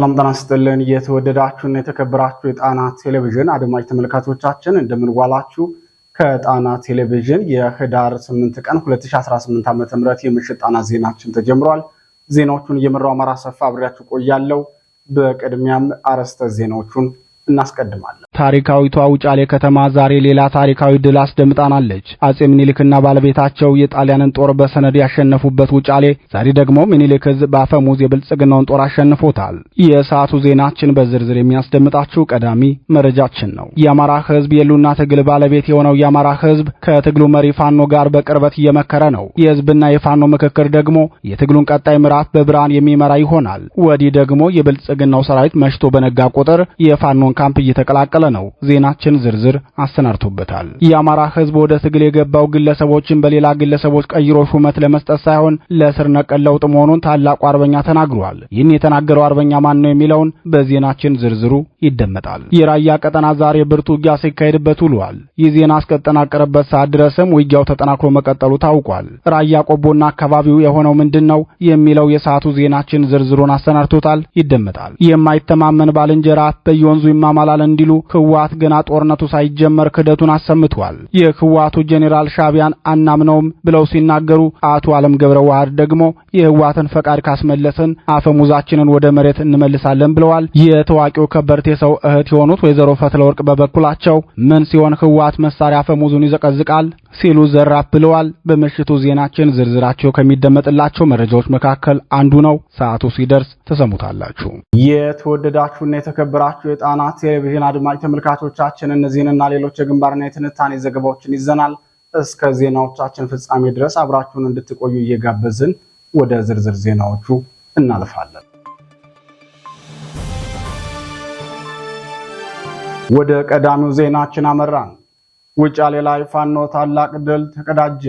ሰላም ጤና ይስጥልን። የተወደዳችሁና የተከበራችሁ የጣና ቴሌቪዥን አድማጭ ተመልካቾቻችን እንደምንዋላችሁ። ከጣና ቴሌቪዥን የህዳር 8 ቀን 2018 ዓ.ም የምሽት ጣና ዜናችን ተጀምሯል። ዜናዎቹን እየመራው አማራ ሰፋ አብሬያችሁ ቆያለሁ። በቅድሚያም አርዕስተ ዜናዎቹን እናስቀድማለን። ታሪካዊቷ ውጫሌ ከተማ ዛሬ ሌላ ታሪካዊ ድል አስደምጣናለች። አጼ ምኒልክና ባለቤታቸው የጣሊያንን ጦር በሰነድ ያሸነፉበት ውጫሌ ዛሬ ደግሞ ምኒልክ በአፈ በአፈሙዝ የብልጽግናውን ጦር አሸንፎታል። የሰዓቱ ዜናችን በዝርዝር የሚያስደምጣችሁ ቀዳሚ መረጃችን ነው። የአማራ ሕዝብ የሉና ትግል ባለቤት የሆነው የአማራ ሕዝብ ከትግሉ መሪ ፋኖ ጋር በቅርበት እየመከረ ነው። የህዝብና የፋኖ ምክክር ደግሞ የትግሉን ቀጣይ ምዕራፍ በብርሃን የሚመራ ይሆናል። ወዲህ ደግሞ የብልጽግናው ሰራዊት መሽቶ በነጋ ቁጥር የፋኖን ካምፕ እየተቀላቀለ ነው ዜናችን ዝርዝር አሰናድቶበታል። የአማራ ህዝብ ወደ ትግል የገባው ግለሰቦችን በሌላ ግለሰቦች ቀይሮ ሹመት ለመስጠት ሳይሆን ለስር ነቀል ለውጥ መሆኑን ታላቁ አርበኛ ተናግሯል። ይህን የተናገረው አርበኛ ማን ነው የሚለውን በዜናችን ዝርዝሩ ይደመጣል። የራያ ቀጠና ዛሬ ብርቱ ውጊያ ሲካሄድበት ውሏል። ይህ ዜና እስከተጠናቀረበት ሰዓት ድረስም ውጊያው ተጠናክሮ መቀጠሉ ታውቋል። ራያ ቆቦና አካባቢው የሆነው ምንድን ነው የሚለው የሰዓቱ ዜናችን ዝርዝሩን አሰናድቶታል፣ ይደመጣል። የማይተማመን ባልንጀራ በየወንዙ ይማማላል እንዲሉ ህወሓት ገና ጦርነቱ ሳይጀመር ክደቱን አሰምቷል። የህወሓቱ ጄኔራል ሻቢያን አናምነውም ብለው ሲናገሩ አቶ አለም ገብረ ዋህድ ደግሞ የህወሓትን ፈቃድ ካስመለስን አፈሙዛችንን ወደ መሬት እንመልሳለን ብለዋል። የታዋቂው ከበርቴ የሰው እህት የሆኑት ወይዘሮ ፈትለ ወርቅ በበኩላቸው ምን ሲሆን ህወሓት መሳሪያ ፈሙዙን ይዘቀዝቃል ሲሉ ዘራፍ ብለዋል። በምሽቱ ዜናችን ዝርዝራቸው ከሚደመጥላቸው መረጃዎች መካከል አንዱ ነው። ሰዓቱ ሲደርስ ተሰሙታላችሁ። የተወደዳችሁና የተከበራችሁ የጣና ቴሌቪዥን አድማጭ ተመልካቾቻችን እነዚህንና ሌሎች የግንባርና የትንታኔ ዘገባዎችን ይዘናል። እስከ ዜናዎቻችን ፍጻሜ ድረስ አብራችሁን እንድትቆዩ እየጋበዝን ወደ ዝርዝር ዜናዎቹ እናልፋለን። ወደ ቀዳሚው ዜናችን አመራን። ውጫሌ ላይ ፋኖ ታላቅ ድል ተቀዳጀ።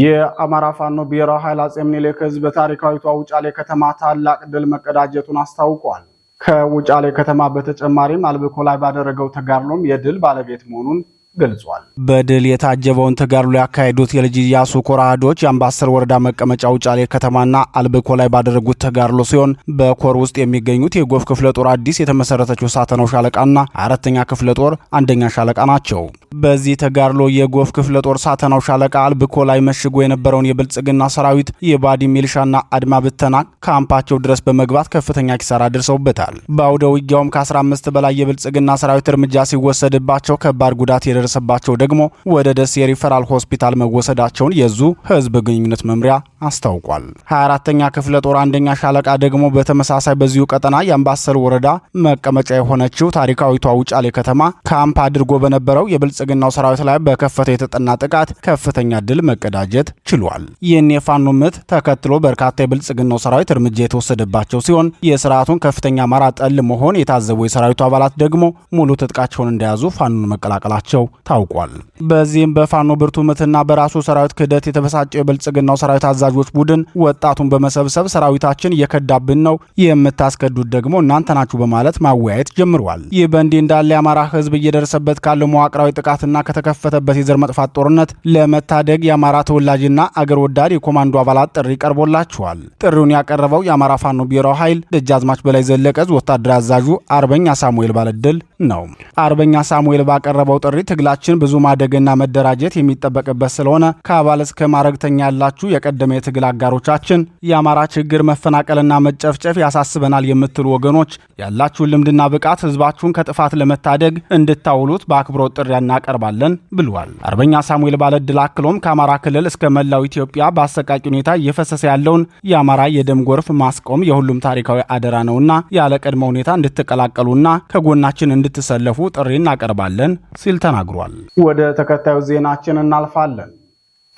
የአማራ ፋኖ ብሔራዊ ኃይል አጼ ምኒልክ ህዝብ በታሪካዊቷ ውጫሌ ከተማ ታላቅ ድል መቀዳጀቱን አስታውቋል። ከውጫሌ ከተማ በተጨማሪም አልብኮ ላይ ባደረገው ተጋድሎም የድል ባለቤት መሆኑን ገልጿል። በድል የታጀበውን ተጋድሎ ያካሄዱት የልጅ ኢያሱ ኮር አህዶች የአምባሰል ወረዳ መቀመጫ ውጫሌ ከተማና አልብኮ ላይ ባደረጉት ተጋድሎ ሲሆን በኮር ውስጥ የሚገኙት የጎፍ ክፍለ ጦር አዲስ የተመሰረተችው ሳተናው ሻለቃና አራተኛ ክፍለ ጦር አንደኛ ሻለቃ ናቸው። በዚህ ተጋድሎ የጎፍ ክፍለ ጦር ሳተናው ሻለቃ አልብኮ ላይ መሽጎ የነበረውን የብልጽግና ሰራዊት የባዲ ሚልሻና አድማ ብተና ካምፓቸው ድረስ በመግባት ከፍተኛ ኪሳራ ደርሰውበታል። በአውደ ውጊያውም ከ15 በላይ የብልጽግና ሰራዊት እርምጃ ሲወሰድባቸው፣ ከባድ ጉዳት የደረሰባቸው ደግሞ ወደ ደሴ ሪፈራል ሆስፒታል መወሰዳቸውን የዙ ህዝብ ግንኙነት መምሪያ አስታውቋል። 24ተኛ ክፍለ ጦር አንደኛ ሻለቃ ደግሞ በተመሳሳይ በዚሁ ቀጠና የአምባሰል ወረዳ መቀመጫ የሆነችው ታሪካዊቷ ውጫሌ ከተማ ካምፕ አድርጎ በነበረው የብልጽግናው ሰራዊት ላይ በከፈተ የተጠና ጥቃት ከፍተኛ ድል መቀዳጀት ችሏል። ይህን የፋኖ ምት ተከትሎ በርካታ የብልጽግናው ሰራዊት እርምጃ የተወሰደባቸው ሲሆን የስርዓቱን ከፍተኛ አማራ ጠል መሆን የታዘቡ የሰራዊቱ አባላት ደግሞ ሙሉ ትጥቃቸውን እንደያዙ ፋኖን መቀላቀላቸው ታውቋል። በዚህም በፋኖ ብርቱ ምትና በራሱ ሰራዊት ክህደት የተበሳጨው የብልጽግናው ሰራዊት አዛዥ አደራጆች ቡድን ወጣቱን በመሰብሰብ ሰራዊታችን እየከዳብን ነው፣ የምታስከዱት ደግሞ እናንተ ናችሁ በማለት ማወያየት ጀምሯል። ይህ በእንዲህ እንዳለ የአማራ ህዝብ እየደረሰበት ካለው መዋቅራዊ ጥቃትና ከተከፈተበት የዘር መጥፋት ጦርነት ለመታደግ የአማራ ተወላጅና አገር ወዳድ የኮማንዶ አባላት ጥሪ ቀርቦላቸዋል። ጥሪውን ያቀረበው የአማራ ፋኖ ብሔራዊ ኃይል ደጃዝማች በላይ ዘለቀዝ ወታደር አዛዡ አርበኛ ሳሙኤል ባለድል ነው። አርበኛ ሳሙኤል ባቀረበው ጥሪ ትግላችን ብዙ ማደግና መደራጀት የሚጠበቅበት ስለሆነ ከአባል እስከ ማረግተኛ ያላችሁ የቀደመ የትግል አጋሮቻችን የአማራ ችግር መፈናቀልና መጨፍጨፍ ያሳስበናል የምትሉ ወገኖች ያላችሁን ልምድና ብቃት ህዝባችሁን ከጥፋት ለመታደግ እንድታውሉት በአክብሮት ጥሪ እናቀርባለን ብሏል። አርበኛ ሳሙኤል ባለድል አክሎም ከአማራ ክልል እስከ መላው ኢትዮጵያ በአሰቃቂ ሁኔታ እየፈሰሰ ያለውን የአማራ የደም ጎርፍ ማስቆም የሁሉም ታሪካዊ አደራ ነውና ያለ ቅድመ ሁኔታ እንድትቀላቀሉና ከጎናችን እንድትሰለፉ ጥሪ እናቀርባለን ሲል ተናግሯል። ወደ ተከታዩ ዜናችን እናልፋለን።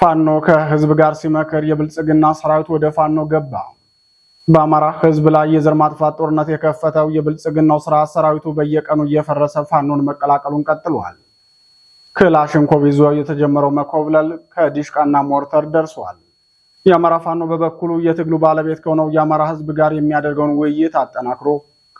ፋኖ ከህዝብ ጋር ሲመክር የብልጽግና ሰራዊት ወደ ፋኖ ገባ። በአማራ ህዝብ ላይ የዘር ማጥፋት ጦርነት የከፈተው የብልጽግናው ስርዓት ሰራዊቱ በየቀኑ እየፈረሰ ፋኖን መቀላቀሉን ቀጥሏል። ክላሽንኮቭ ይዞ የተጀመረው መኮብለል ከዲሽቃና ሞርተር ደርሷል። የአማራ ፋኖ በበኩሉ የትግሉ ባለቤት ከሆነው የአማራ ህዝብ ጋር የሚያደርገውን ውይይት አጠናክሮ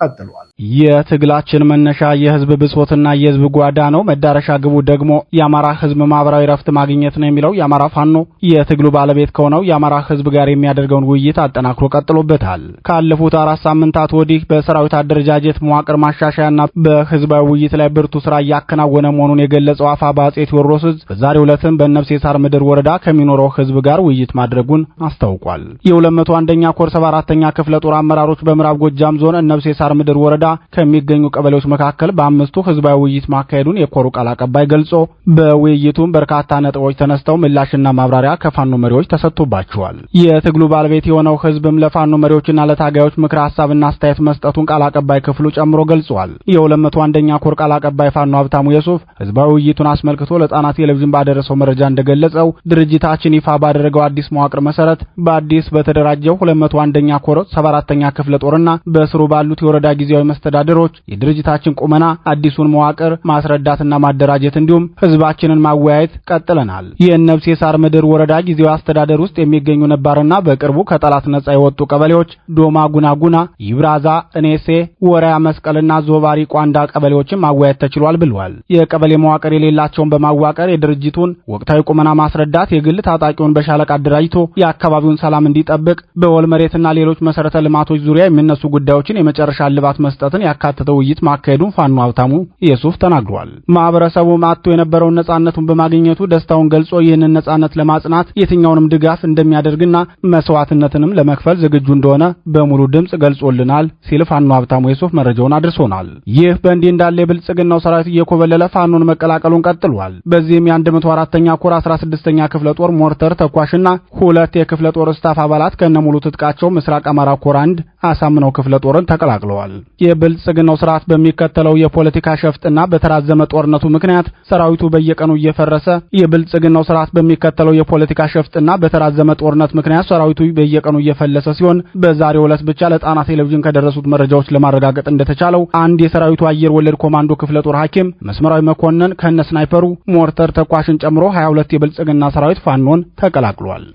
ቀጥሏል። የትግላችን መነሻ የህዝብ ብሶትና የህዝብ ጓዳ ነው፣ መዳረሻ ግቡ ደግሞ የአማራ ህዝብ ማህበራዊ ረፍት ማግኘት ነው የሚለው የአማራ ፋኖ የትግሉ ባለቤት ከሆነው የአማራ ህዝብ ጋር የሚያደርገውን ውይይት አጠናክሮ ቀጥሎበታል። ካለፉት አራት ሳምንታት ወዲህ በሰራዊት አደረጃጀት መዋቅር ማሻሻያና በህዝባዊ ውይይት ላይ ብርቱ ስራ እያከናወነ መሆኑን የገለጸው አፋ በአጼ ቴዎድሮስ በዛሬ ሁለትም ዕለትም በእነብሴ ሳር ምድር ወረዳ ከሚኖረው ህዝብ ጋር ውይይት ማድረጉን አስታውቋል። የ201ኛ ኮር 74ኛ ክፍለ ጦር አመራሮች በምዕራብ ጎጃም ዞን እነብሴ ሳር ምድር ወረዳ ከሚገኙ ቀበሌዎች መካከል በአምስቱ ህዝባዊ ውይይት ማካሄዱን የኮሩ ቃል አቀባይ ገልጾ በውይይቱም በርካታ ነጥቦች ተነስተው ምላሽና ማብራሪያ ከፋኖ መሪዎች ተሰጥቶባቸዋል። የትግሉ ባለቤት የሆነው ህዝብም ለፋኖ መሪዎችና ለታጋዮች ምክር ሀሳብና አስተያየት መስጠቱን ቃል አቀባይ ክፍሉ ጨምሮ ገልጿል። የሁለት አንደኛ ኮር ቃል አቀባይ ፋኖ ሀብታሙ የሱፍ ህዝባዊ ውይይቱን አስመልክቶ ለጣና ቴሌቪዥን ባደረሰው መረጃ እንደገለጸው ድርጅታችን ይፋ ባደረገው አዲስ መዋቅር መሰረት በአዲስ በተደራጀው ሁለት ኛ አንደኛ ኮር ሰባ አራተኛ ክፍለ ጦርና በስሩ ባሉት የወረዳ ጊዜያዊ መስተዳደሮች የድርጅታችን ቁመና አዲሱን መዋቅር ማስረዳትና ማደራጀት እንዲሁም ህዝባችንን ማወያየት ቀጥለናል። የእነብሴ የሳር ምድር ወረዳ ጊዜያዊ አስተዳደር ውስጥ የሚገኙ ነባርና በቅርቡ ከጠላት ነጻ የወጡ ቀበሌዎች ዶማ፣ ጉናጉና፣ ይብራዛ፣ እኔሴ፣ ወራያ፣ መስቀልና ዞባሪ ቋንዳ ቀበሌዎችን ማወያየት ተችሏል ብሏል። የቀበሌ መዋቅር የሌላቸውን በማዋቀር የድርጅቱን ወቅታዊ ቁመና ማስረዳት፣ የግል ታጣቂውን በሻለቃ አደራጅቶ የአካባቢውን ሰላም እንዲጠብቅ በወል መሬትና ሌሎች መሰረተ ልማቶች ዙሪያ የሚነሱ ጉዳዮችን የመጨረሻ አካል ልባት መስጠትን ያካተተ ውይይት ማካሄዱን ፋኖ ሀብታሙ ኢየሱፍ ተናግሯል። ማህበረሰቡ አጥቶ የነበረውን ነጻነቱን በማግኘቱ ደስታውን ገልጾ ይህንን ነጻነት ለማጽናት የትኛውንም ድጋፍ እንደሚያደርግና መስዋዕትነትንም ለመክፈል ዝግጁ እንደሆነ በሙሉ ድምፅ ገልጾልናል ሲል ፋኖ ሀብታሙ ኢየሱፍ መረጃውን አድርሶናል። ይህ በእንዲህ እንዳለ የብልጽግናው ሰራዊት እየኮበለለ ፋኖን መቀላቀሉን ቀጥሏል። በዚህም የ104ኛ ኮር 16ኛ ክፍለ ጦር ሞርተር ተኳሽና ሁለት የክፍለ ጦር ስታፍ አባላት ከነሙሉ ትጥቃቸው ምስራቅ አማራ ኮር አንድ አሳምነው ክፍለ ጦርን ተቀላቅለዋል። ተናግረዋል። የብልጽግናው ስርዓት በሚከተለው የፖለቲካ ሸፍጥና በተራዘመ ጦርነቱ ምክንያት ሰራዊቱ በየቀኑ እየፈረሰ የብልጽግናው ስርዓት በሚከተለው የፖለቲካ ሸፍጥና በተራዘመ ጦርነት ምክንያት ሰራዊቱ በየቀኑ እየፈለሰ ሲሆን በዛሬው ዕለት ብቻ ለጣና ቴሌቪዥን ከደረሱት መረጃዎች ለማረጋገጥ እንደተቻለው አንድ የሰራዊቱ አየር ወለድ ኮማንዶ ክፍለ ጦር ሐኪም መስመራዊ መኮንን ከነ ስናይፐሩ ሞርተር ተኳሽን ጨምሮ 22 የብልጽግና ሰራዊት ፋኖን ተቀላቅሏል።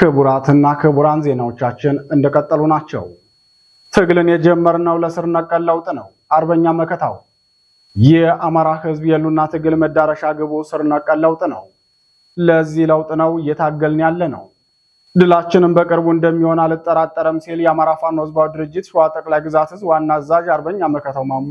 ክቡራትና ክቡራን ዜናዎቻችን እንደቀጠሉ ናቸው። ትግልን የጀመርነው ለስር ነቀል ለውጥ ነው። አርበኛ መከታው የአማራ ህዝብ የሉና ትግል መዳረሻ ግቡ ስር ነቀል ለውጥ ነው። ለዚህ ለውጥ ነው እየታገልን ያለ ነው። ድላችንም በቅርቡ እንደሚሆን አልጠራጠረም ሲል የአማራ ፋኖ ህዝባዊ ድርጅት ሸዋ ጠቅላይ ግዛት ዕዝ ዋና አዛዥ አርበኛ መከታው ማሞ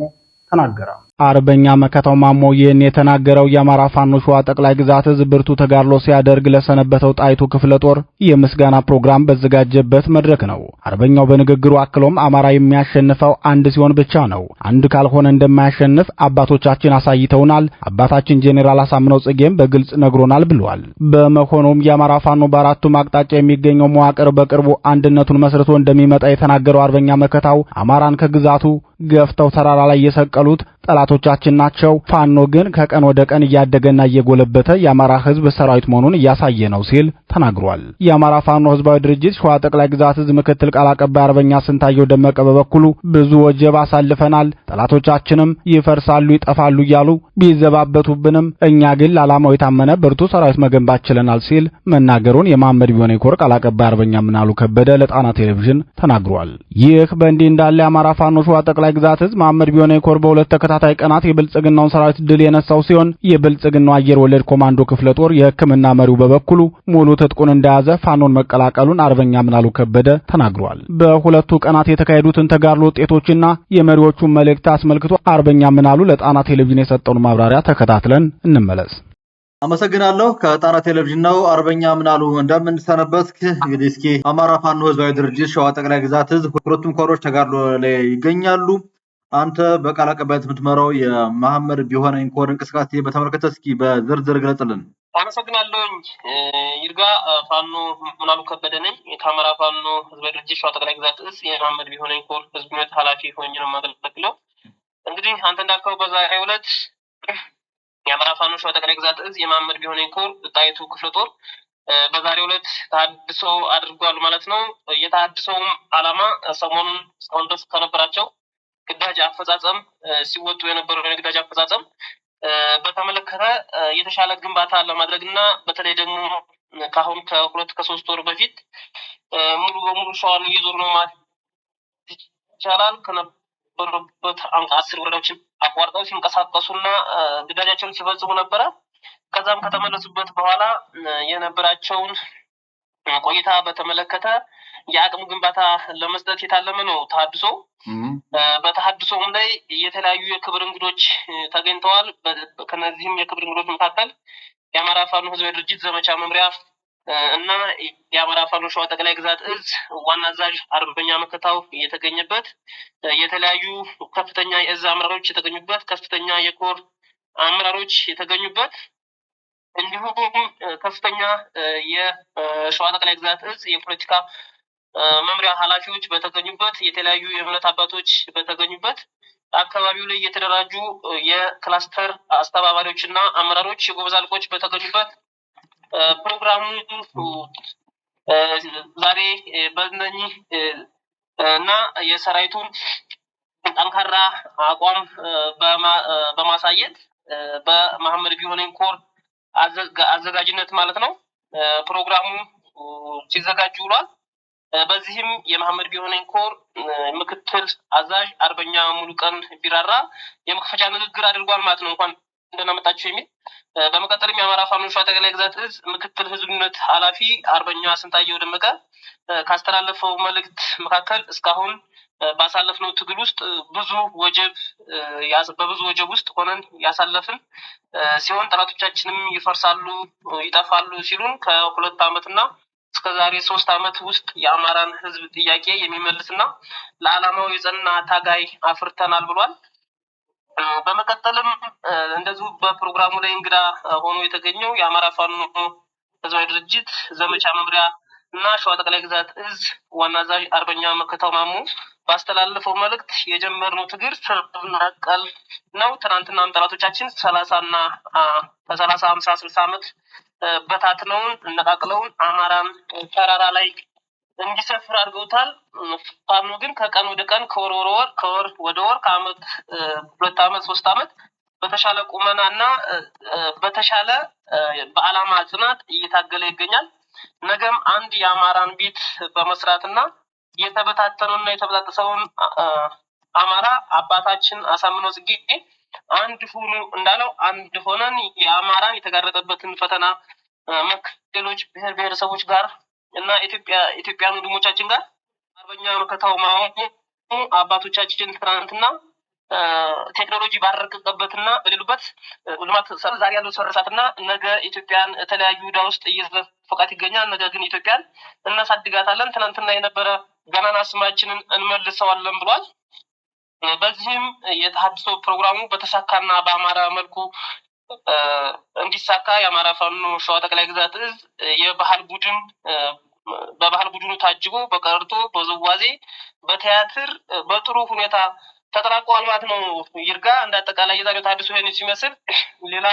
ተናገረ። አርበኛ መከታው ማሞ ይህን የተናገረው የአማራ ፋኖ ሸዋ ጠቅላይ ግዛት እዝ ብርቱ ተጋድሎ ሲያደርግ ለሰነበተው ጣይቱ ክፍለ ጦር የምስጋና ፕሮግራም በዘጋጀበት መድረክ ነው። አርበኛው በንግግሩ አክሎም አማራ የሚያሸንፈው አንድ ሲሆን ብቻ ነው፣ አንድ ካልሆነ እንደማያሸንፍ አባቶቻችን አሳይተውናል። አባታችን ጄኔራል አሳምነው ጽጌም በግልጽ ነግሮናል ብሏል። በመሆኑም የአማራ ፋኖ በአራቱም አቅጣጫ የሚገኘው መዋቅር በቅርቡ አንድነቱን መስርቶ እንደሚመጣ የተናገረው አርበኛ መከታው አማራን ከግዛቱ ገፍተው ተራራ ላይ የሰቀሉት ጠላቶቻችን ናቸው። ፋኖ ግን ከቀን ወደ ቀን እያደገና እየጎለበተ የአማራ ህዝብ ሰራዊት መሆኑን እያሳየ ነው ሲል ተናግሯል። የአማራ ፋኖ ህዝባዊ ድርጅት ሸዋ ጠቅላይ ግዛት ህዝብ ምክትል ቃል አቀባይ አርበኛ ስንታየው ደመቀ በበኩሉ ብዙ ወጀብ አሳልፈናል፣ ጠላቶቻችንም ይፈርሳሉ፣ ይጠፋሉ እያሉ ቢዘባበቱብንም እኛ ግን ለዓላማው የታመነ ብርቱ ሰራዊት መገንባት ችለናል ሲል መናገሩን የማመድ ቢሆነ ኮር ቃል አቀባይ አርበኛ ምናሉ ከበደ ለጣና ቴሌቪዥን ተናግሯል። ይህ በእንዲህ እንዳለ የአማራ ፋኖ ሸዋ ጠቅላይ ግዛት ህዝብ ማመድ ቢሆነ ኮር በሁለት ተከታ ለተከታታይ ቀናት የብልጽግናውን ሰራዊት ድል የነሳው ሲሆን የብልጽግናው አየር ወለድ ኮማንዶ ክፍለ ጦር የሕክምና መሪው በበኩሉ ሙሉ ትጥቁን እንደያዘ ፋኖን መቀላቀሉን አርበኛ ምናሉ ከበደ ተናግሯል። በሁለቱ ቀናት የተካሄዱትን ተጋድሎ ውጤቶችና የመሪዎቹን መልእክት አስመልክቶ አርበኛ ምናሉ ለጣና ቴሌቪዥን የሰጠውን ማብራሪያ ተከታትለን እንመለስ። አመሰግናለሁ። ከጣና ቴሌቪዥን ነው። አርበኛ ምናሉ እንደምንሰነበት። እንግዲህ እስኪ አማራ ፋኖ ህዝባዊ ድርጅት ሸዋ ጠቅላይ ግዛት ህዝብ ሁለቱም ኮሮች ተጋድሎ ላይ ይገኛሉ። አንተ በቃል አቀባይነት የምትመራው የመሐመድ ቢሆነ ኢንኮር እንቅስቃሴ በተመለከተ እስኪ በዝርዝር ግለጽልን። አመሰግናለሁኝ ይርጋ ፋኖ ምናሉ ከበደ ነኝ። የታመራ ፋኖ ህዝበ ድርጅት ሸዋ ጠቅላይ ግዛት እስ የመሐመድ ቢሆነ ኢንኮር ህዝብ ነት ኃላፊ ሆኜ ነው የማገለግለው። እንግዲህ አንተ እንዳልከው በዛሬ ሁለት የአማራ ፋኖ ሸዋ ጠቅላይ ግዛት እዝ የመሐመድ ቢሆነ ኢንኮር ጣይቱ ክፍለ ጦር በዛሬው ዕለት ተሃድሶ አድርጓል ማለት ነው። የተሀድሶውም አላማ ሰሞኑን እስካሁን ድረስ ከነበራቸው ግዳጅ አፈጻጸም ሲወጡ የነበረው የግዳጅ አፈጻጸም በተመለከተ የተሻለ ግንባታ ለማድረግ እና በተለይ ደግሞ ከአሁን ከሁለት ከሶስት ወር በፊት ሙሉ በሙሉ ሸዋን እየዞር ነው ማለት ይቻላል ከነበሩበት አስር ወረዳዎችን አቋርጠው ሲንቀሳቀሱ እና ግዳጃቸውን ሲፈጽሙ ነበረ። ከዛም ከተመለሱበት በኋላ የነበራቸውን ቆይታ በተመለከተ የአቅም ግንባታ ለመስጠት የታለመ ነው ተሀድሶ። በተሀድሶም ላይ የተለያዩ የክብር እንግዶች ተገኝተዋል። ከነዚህም የክብር እንግዶች መካከል የአማራ ፋኖ ህዝባዊ ድርጅት ዘመቻ መምሪያ እና የአማራ ፋኖ ሸዋ ጠቅላይ ግዛት እዝ ዋና አዛዥ አርበኛ መከታው የተገኘበት የተለያዩ ከፍተኛ የእዝ አመራሮች የተገኙበት ከፍተኛ የኮር አመራሮች የተገኙበት እንዲሁም ከፍተኛ የሸዋ ጠቅላይ ግዛት እዝ የፖለቲካ መምሪያ ኃላፊዎች በተገኙበት የተለያዩ የእምነት አባቶች በተገኙበት አካባቢው ላይ የተደራጁ የክላስተር አስተባባሪዎች እና አመራሮች፣ የጎበዝ አልቆች በተገኙበት ፕሮግራሙ ዛሬ በእነኚህ እና የሰራዊቱን ጠንካራ አቋም በማሳየት በመሐመድ ቢሆነኝ ኮር አዘጋጅነት ማለት ነው። ፕሮግራሙ ሲዘጋጅ ውሏል። በዚህም የመሐመድ ቢሆነኝ ኮር ምክትል አዛዥ አርበኛ ሙሉቀን ቢራራ የመክፈቻ ንግግር አድርጓል ማለት ነው። እንኳን እንደናመጣችሁ የሚል በመቀጠልም የአማራ ፋኖ ሸዋ ጠቅላይ ግዛት እዝ ምክትል ህዝብነት ሀላፊ ኃላፊ አርበኛ ስንታየሁ ደመቀ ካስተላለፈው መልእክት መካከል እስካሁን ባሳለፍነው ትግል ውስጥ ብዙ ወጀብ በብዙ ወጀብ ውስጥ ሆነን ያሳለፍን ሲሆን ጠላቶቻችንም ይፈርሳሉ፣ ይጠፋሉ ሲሉን ከሁለት ዓመትና እና እስከ ዛሬ ሶስት ዓመት ውስጥ የአማራን ህዝብ ጥያቄ የሚመልስና ለዓላማው የጸና ታጋይ አፍርተናል ብሏል። በመቀጠልም እንደዚሁ በፕሮግራሙ ላይ እንግዳ ሆኖ የተገኘው የአማራ ፋኖ ህዝባዊ ድርጅት ዘመቻ መምሪያ እና ሸዋ ጠቅላይ ግዛት እዝ ዋና አዛዥ አርበኛ መከታው ማሙ ባስተላለፈው መልእክት የጀመርነው ትግል ስር ነቀል ነው። ትናንትናም ጠላቶቻችን እና ከሰላሳ ሀምሳ ስልሳ ዓመት በታትነውን እነቃቅለውን አማራን ተራራ ላይ እንዲሰፍር አድርገውታል። ፋኖ ግን ከቀን ወደ ቀን ከወር ወደ ወር ከወር ወደ ወር ከአመት ሁለት አመት ሶስት አመት በተሻለ ቁመና እና በተሻለ በአላማ ጽናት እየታገለ ይገኛል። ነገም አንድ የአማራን ቤት በመስራት እና የተበታተነውና የተበጣጠሰውን አማራ አባታችን አሳምነው ጽጌ አንድ ሁኑ እንዳለው አንድ ሆነን የአማራን የተጋረጠበትን ፈተና መክሌሎች ብሔር ብሔረሰቦች ጋር እና ኢትዮጵያ ኢትዮጵያን ወንድሞቻችን ጋር አርበኛ መከታው ማሞ አባቶቻችን ትናንትና ቴክኖሎጂ ባረቀቀበትና በሌሉበት ልማት ዛሬ ያለው ሰረሳትና ነገ ኢትዮጵያን የተለያዩ ዳ ውስጥ እየዘፈቃት ይገኛል። ነገ ግን ኢትዮጵያን እናሳድጋታለን፣ ትናንትና የነበረ ገናና ስማችንን እንመልሰዋለን ብሏል። በዚህም የተሀድሶ ፕሮግራሙ በተሳካና በአማራ መልኩ እንዲሳካ የአማራ ፋኖ ሸዋ ጠቅላይ ግዛት እዝ የባህል ቡድን በባህል ቡድኑ ታጅቦ በቀርቶ በዝዋዜ በቲያትር በጥሩ ሁኔታ ተጠናቋል ማለት ነው። ይርጋ እንደ አጠቃላይ የዛሬው ታድሶ ይህን ሲመስል ሌላ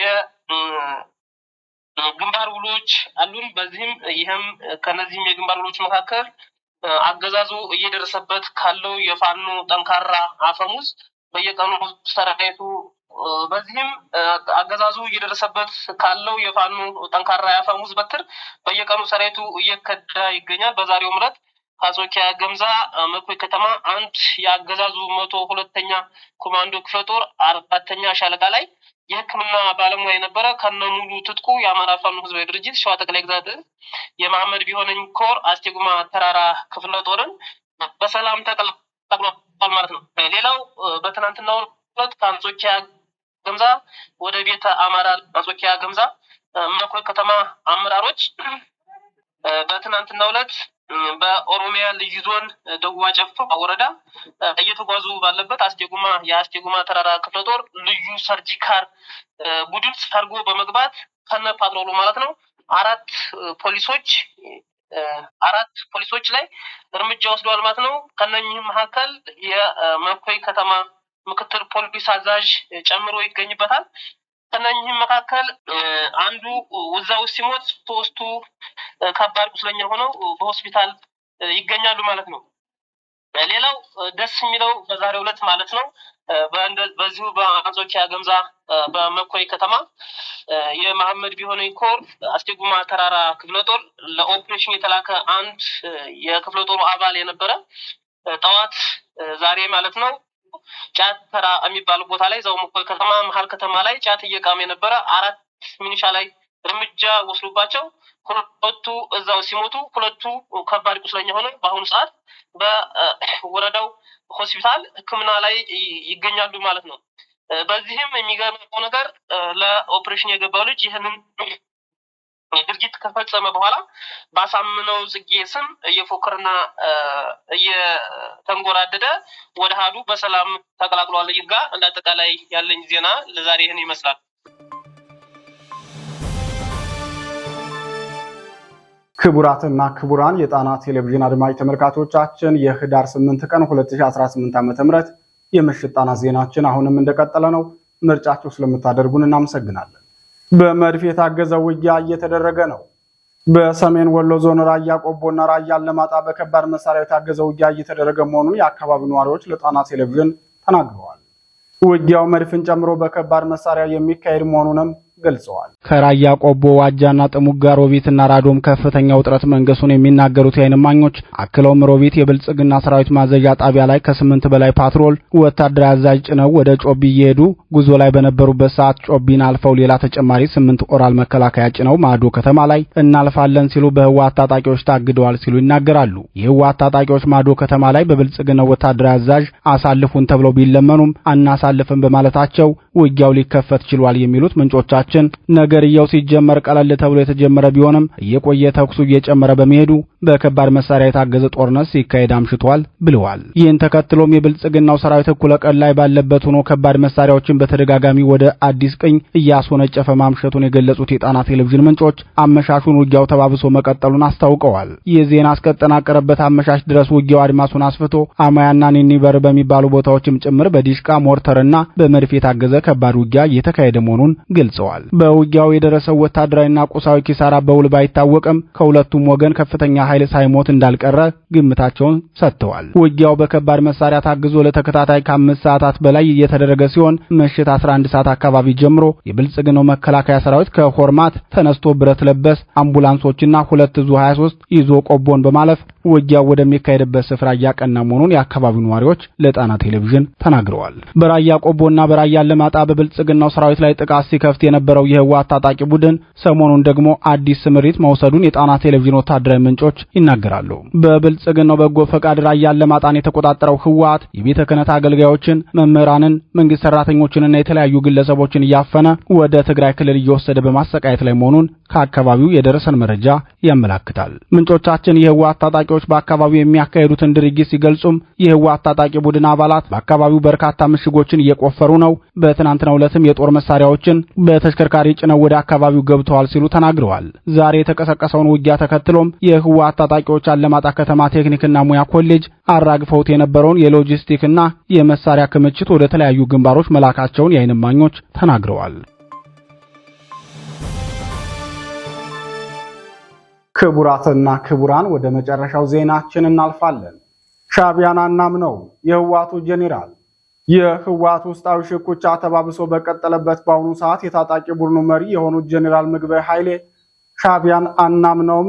የግንባር ውሎች አሉን። በዚህም ይህም ከነዚህም የግንባር ውሎች መካከል አገዛዙ እየደረሰበት ካለው የፋኖ ጠንካራ አፈሙዝ በየቀኑ ሰራዊቱ በዚህም አገዛዙ እየደረሰበት ካለው የፋኖ ጠንካራ የአፈሙዝ በትር በየቀኑ ሰራዊቱ እየከዳ ይገኛል። በዛሬው ምረት ከአሶኪያ ገምዛ መኮይ ከተማ አንድ የአገዛዙ መቶ ሁለተኛ ኮማንዶ ክፍለ ጦር አራተኛ ሻለቃ ላይ የሕክምና ባለሙያ የነበረ ከነ ሙሉ ትጥቁ የአማራ ፋኖ ህዝባዊ ድርጅት ሸዋ ጠቅላይ ግዛት የማህመድ ቢሆነኝ ኮር አስቴጉማ ተራራ ክፍለ ጦርን በሰላም ተቀላቅሏል ማለት ነው። ሌላው በትናንትናው ዕለት ከአንጾኪያ ገምዛ ወደ ቤተ አማራ አንጾኪያ ገምዛ መኮይ ከተማ አመራሮች በትናንትናው ዕለት በኦሮሚያ ልዩ ዞን ደዋ ጨፋ ወረዳ እየተጓዙ ባለበት አስቴጉማ የአስቴጉማ ተራራ ክፍለ ጦር ልዩ ሰርጂካር ቡድን ሰርጎ በመግባት ከነ ፓትሮሉ ማለት ነው አራት ፖሊሶች አራት ፖሊሶች ላይ እርምጃ ወስደዋል ማለት ነው። ከነኝህ መካከል የመኮይ ከተማ ምክትል ፖሊስ አዛዥ ጨምሮ ይገኝበታል። ከነኚህም መካከል አንዱ እዛ ሲሞት ሶስቱ ከባድ ቁስለኛ ሆነው በሆስፒታል ይገኛሉ ማለት ነው። ሌላው ደስ የሚለው በዛሬው ዕለት ማለት ነው በዚሁ በአንጾኪያ ገምዛ በመኮይ ከተማ የመሐመድ ቢሆነ ኮር አስቴጉማ ተራራ ክፍለ ጦር ለኦፕሬሽን የተላከ አንድ የክፍለ ጦሩ አባል የነበረ ጠዋት ዛሬ ማለት ነው ጫት ተራ የሚባል ቦታ ላይ እዛው ከተማ መሀል ከተማ ላይ ጫት እየቃሙ የነበረ አራት ሚኒሻ ላይ እርምጃ ወስዶባቸው ሁለቱ እዛው ሲሞቱ ሁለቱ ከባድ ቁስለኛ ሆነ። በአሁኑ ሰዓት በወረዳው ሆስፒታል ሕክምና ላይ ይገኛሉ ማለት ነው። በዚህም የሚገርመው ነገር ለኦፕሬሽን የገባው ልጅ ይህንን ድርጊት ከፈጸመ በኋላ ባሳምነው ጽጌ ስም እየፎክርና እየተንጎራደደ ወደ ሀዱ በሰላም ተቀላቅሏል። ይርጋ እንደ አጠቃላይ ያለኝ ዜና ለዛሬ ይህን ይመስላል። ክቡራትና ክቡራን የጣና ቴሌቪዥን አድማጭ ተመልካቾቻችን የህዳር 8 ቀን 2018 ዓ ም የምሽት ጣና ዜናችን አሁንም እንደቀጠለ ነው። ምርጫችሁ ስለምታደርጉን እናመሰግናለን። በመድፍ የታገዘ ውጊያ እየተደረገ ነው። በሰሜን ወሎ ዞን ራያ ቆቦና ራያ አላማጣ በከባድ መሳሪያ የታገዘ ውጊያ እየተደረገ መሆኑን የአካባቢው ነዋሪዎች ለጣና ቴሌቪዥን ተናግረዋል። ውጊያው መድፍን ጨምሮ በከባድ መሳሪያ የሚካሄድ መሆኑንም ገልጸዋል። ከራያ ቆቦ፣ ዋጃና ጥሙጋ፣ ሮቢትና ራዶም ከፍተኛ ውጥረት መንገሱን የሚናገሩት የዓይን እማኞች አክለውም ሮቢት የብልጽግና ሰራዊት ማዘዣ ጣቢያ ላይ ከስምንት በላይ ፓትሮል ወታደራዊ አዛዥ ጭነው ወደ ጮቢ እየሄዱ ጉዞ ላይ በነበሩበት ሰዓት ጮቢን አልፈው ሌላ ተጨማሪ ስምንት ኦራል መከላከያ ጭነው ማዶ ከተማ ላይ እናልፋለን ሲሉ በህወሓት ታጣቂዎች ታግደዋል ሲሉ ይናገራሉ። የህወሓት ታጣቂዎች ማዶ ከተማ ላይ በብልጽግናው ወታደራዊ አዛዥ አሳልፉን ተብለው ቢለመኑም አናሳልፍም በማለታቸው ውጊያው ሊከፈት ችሏል የሚሉት ምንጮቻቸው ነገርየው ሲጀመር ቀለል ተብሎ የተጀመረ ቢሆንም እየቆየ ተኩሱ እየጨመረ በመሄዱ በከባድ መሳሪያ የታገዘ ጦርነት ሲካሄድ አምሽቷል ብለዋል። ይህን ተከትሎም የብልጽግናው ሰራዊት እኩለ ቀን ላይ ባለበት ሆኖ ከባድ መሳሪያዎችን በተደጋጋሚ ወደ አዲስ ቅኝ እያስወነጨፈ ማምሸቱን የገለጹት የጣና ቴሌቪዥን ምንጮች አመሻሹን ውጊያው ተባብሶ መቀጠሉን አስታውቀዋል። ይህ ዜና እስከተጠናቀረበት አመሻሽ ድረስ ውጊያው አድማሱን አስፍቶ አማያና ኒኒበር በሚባሉ ቦታዎችም ጭምር በዲሽቃ ሞርተርና በመድፍ የታገዘ ከባድ ውጊያ እየተካሄደ መሆኑን ገልጸዋል። በውጊያው የደረሰው ወታደራዊና ቁሳዊ ኪሳራ በውል ባይታወቅም ከሁለቱም ወገን ከፍተኛ ኃይል ሳይሞት እንዳልቀረ ግምታቸውን ሰጥተዋል። ውጊያው በከባድ መሳሪያ ታግዞ ለተከታታይ ከአምስት ሰዓታት በላይ እየተደረገ ሲሆን ምሽት 11 ሰዓት አካባቢ ጀምሮ የብልጽግናው መከላከያ ሰራዊት ከሆርማት ተነስቶ ብረት ለበስ አምቡላንሶችና ሁለት ዙ 23 ይዞ ቆቦን በማለፍ ውጊያው ወደሚካሄድበት ስፍራ እያቀና መሆኑን የአካባቢው ነዋሪዎች ለጣና ቴሌቪዥን ተናግረዋል። በራያ ቆቦና በራያ ለማጣ በብልጽግናው ሰራዊት ላይ ጥቃት ሲከፍት የነበረው የህወሓት ታጣቂ ቡድን ሰሞኑን ደግሞ አዲስ ስምሪት መውሰዱን የጣና ቴሌቪዥን ወታደራዊ ምንጮች ይናገራሉ። በብልጽግናው በጎ ፈቃድ ያለ ማጣን የተቆጣጠረው ህወሓት የቤተ ክህነት አገልጋዮችን፣ መምህራንን፣ መንግስት ሰራተኞችንና የተለያዩ ግለሰቦችን እያፈነ ወደ ትግራይ ክልል እየወሰደ በማሰቃየት ላይ መሆኑን ከአካባቢው የደረሰን መረጃ ያመለክታል ምንጮቻችን የህወሓት ታጣቂዎች በአካባቢው የሚያካሄዱትን ድርጊት ሲገልጹም የህወሓት ታጣቂ ቡድን አባላት በአካባቢው በርካታ ምሽጎችን እየቆፈሩ ነው፣ በትናንትናው ዕለትም የጦር መሳሪያዎችን በተሽከርካሪ ጭነው ወደ አካባቢው ገብተዋል ሲሉ ተናግረዋል። ዛሬ የተቀሰቀሰውን ውጊያ ተከትሎም የህወሓት ታጣቂዎች አለማጣ ከተማ ቴክኒክና ሙያ ኮሌጅ አራግፈውት የነበረውን የሎጂስቲክና የመሳሪያ ክምችት ወደ ተለያዩ ግንባሮች መላካቸውን የአይንማኞች ተናግረዋል። ክቡራትና ክቡራን ወደ መጨረሻው ዜናችን እናልፋለን። ሻዕቢያን አናምነው የህዋቱ ጄኔራል። የህዋት ውስጣዊ ሽኩቻ ተባብሶ በቀጠለበት በአሁኑ ሰዓት የታጣቂ ቡድኑ መሪ የሆኑት ጄኔራል ምግበ ኃይሌ ሻቢያን አናምነውም፣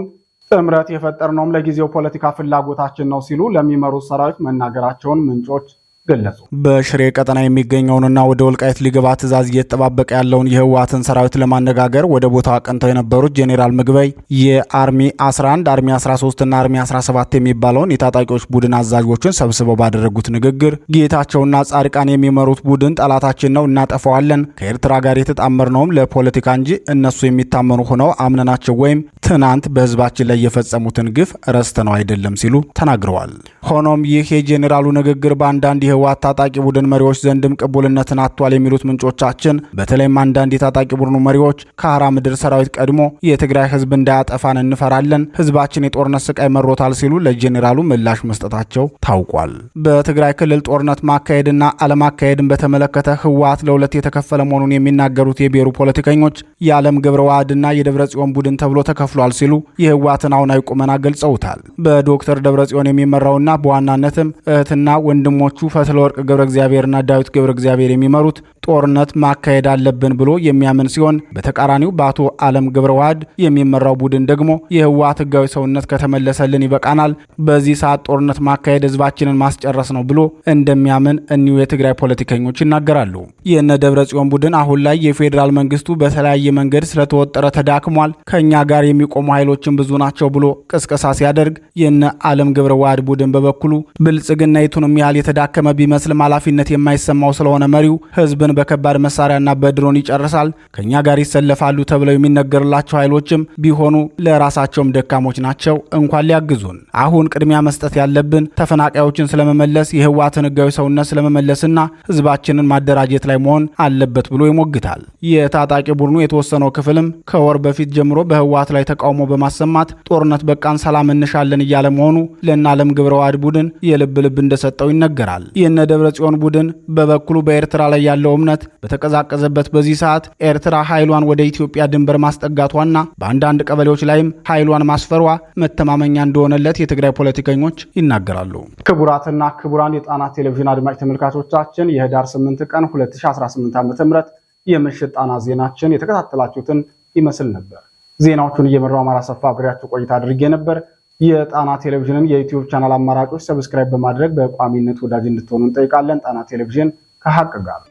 ጥምረት የፈጠርነውም ለጊዜው ፖለቲካ ፍላጎታችን ነው ሲሉ ለሚመሩት ሰራዊት መናገራቸውን ምንጮች ገለጹ። በሽሬ ቀጠና የሚገኘውንና ወደ ወልቃይት ሊገባ ትዕዛዝ እየተጠባበቀ ያለውን የህወሓትን ሰራዊት ለማነጋገር ወደ ቦታው አቅንተው የነበሩት ጄኔራል ምግበይ የአርሚ 11 አርሚ 13 እና አርሚ 17 የሚባለውን የታጣቂዎች ቡድን አዛዦችን ሰብስበው ባደረጉት ንግግር ጌታቸውና ጻድቃን የሚመሩት ቡድን ጠላታችን ነው፣ እናጠፋዋለን። ከኤርትራ ጋር የተጣመርነውም ለፖለቲካ እንጂ እነሱ የሚታመኑ ሆነው አምነናቸው ወይም ትናንት በህዝባችን ላይ የፈጸሙትን ግፍ ረስተነው አይደለም ሲሉ ተናግረዋል። ሆኖም ይህ የጄኔራሉ ንግግር በአንዳንድ በህወሓት ታጣቂ ቡድን መሪዎች ዘንድም ቅቡልነትን አጥቷል የሚሉት ምንጮቻችን በተለይም አንዳንድ የታጣቂ ቡድኑ መሪዎች ከሐራ ምድር ሰራዊት ቀድሞ የትግራይ ህዝብ እንዳያጠፋን እንፈራለን፣ ህዝባችን የጦርነት ስቃይ መሮታል ሲሉ ለጄኔራሉ ምላሽ መስጠታቸው ታውቋል። በትግራይ ክልል ጦርነት ማካሄድና አለማካሄድን በተመለከተ ህወሓት ለሁለት የተከፈለ መሆኑን የሚናገሩት የብሔሩ ፖለቲከኞች የዓለም ገብረ ዋህድና የደብረ ጽዮን ቡድን ተብሎ ተከፍሏል ሲሉ የህወሓትን አሁናዊ ቁመና ገልጸውታል። በዶክተር ደብረ ጽዮን የሚመራውና በዋናነትም እህትና ወንድሞቹ ፈትለወርቅ ገብረ እግዚአብሔርና ዳዊት ገብረ እግዚአብሔር የሚመሩት ጦርነት ማካሄድ አለብን ብሎ የሚያምን ሲሆን በተቃራኒው በአቶ አለም ገብረ ዋህድ የሚመራው ቡድን ደግሞ የህወሓት ህጋዊ ሰውነት ከተመለሰልን ይበቃናል፣ በዚህ ሰዓት ጦርነት ማካሄድ ህዝባችንን ማስጨረስ ነው ብሎ እንደሚያምን እኒሁ የትግራይ ፖለቲከኞች ይናገራሉ። የእነ ደብረ ጽዮን ቡድን አሁን ላይ የፌዴራል መንግስቱ በተለያየ መንገድ ስለተወጠረ ተዳክሟል፣ ከእኛ ጋር የሚቆሙ ኃይሎችን ብዙ ናቸው ብሎ ቅስቀሳ ሲያደርግ የእነ አለም ገብረ ዋህድ ቡድን በበኩሉ ብልጽግና የቱንም ያህል የተዳከመ ቢመስልም ኃላፊነት የማይሰማው ስለሆነ መሪው ህዝብን በከባድ መሳሪያና በድሮን ይጨርሳል፣ ከእኛ ጋር ይሰለፋሉ ተብለው የሚነገርላቸው ኃይሎችም ቢሆኑ ለራሳቸውም ደካሞች ናቸው። እንኳን ሊያግዙን። አሁን ቅድሚያ መስጠት ያለብን ተፈናቃዮችን ስለመመለስ፣ የህወሓትን ህጋዊ ሰውነት ስለመመለስና ህዝባችንን ማደራጀት ላይ መሆን አለበት ብሎ ይሞግታል። የታጣቂ ቡድኑ የተወሰነው ክፍልም ከወር በፊት ጀምሮ በህወሓት ላይ ተቃውሞ በማሰማት ጦርነት በቃን፣ ሰላም እንሻለን እያለ መሆኑ ለእነ አለም ግብረ ቡድን የልብ ልብ እንደሰጠው ይነገራል። የነ ደብረ ጽዮን ቡድን በበኩሉ በኤርትራ ላይ ያለው እምነት በተቀዛቀዘበት በዚህ ሰዓት ኤርትራ ኃይሏን ወደ ኢትዮጵያ ድንበር ማስጠጋቷና በአንዳንድ ቀበሌዎች ላይም ኃይሏን ማስፈሯ መተማመኛ እንደሆነለት የትግራይ ፖለቲከኞች ይናገራሉ። ክቡራትና ክቡራን የጣና ቴሌቪዥን አድማጭ ተመልካቾቻችን የህዳር 8 ቀን 2018 ዓ ም የምሽት ጣና ዜናችን የተከታተላችሁትን ይመስል ነበር። ዜናዎቹን እየመራው አማራ ሰፋ አብሬያችሁ ቆይታ አድርጌ ነበር። የጣና ቴሌቪዥንን የዩቲዩብ ቻናል አማራጮች ሰብስክራይብ በማድረግ በቋሚነት ወዳጅ እንድትሆኑ እንጠይቃለን። ጣና ቴሌቪዥን ከሀቅ ጋር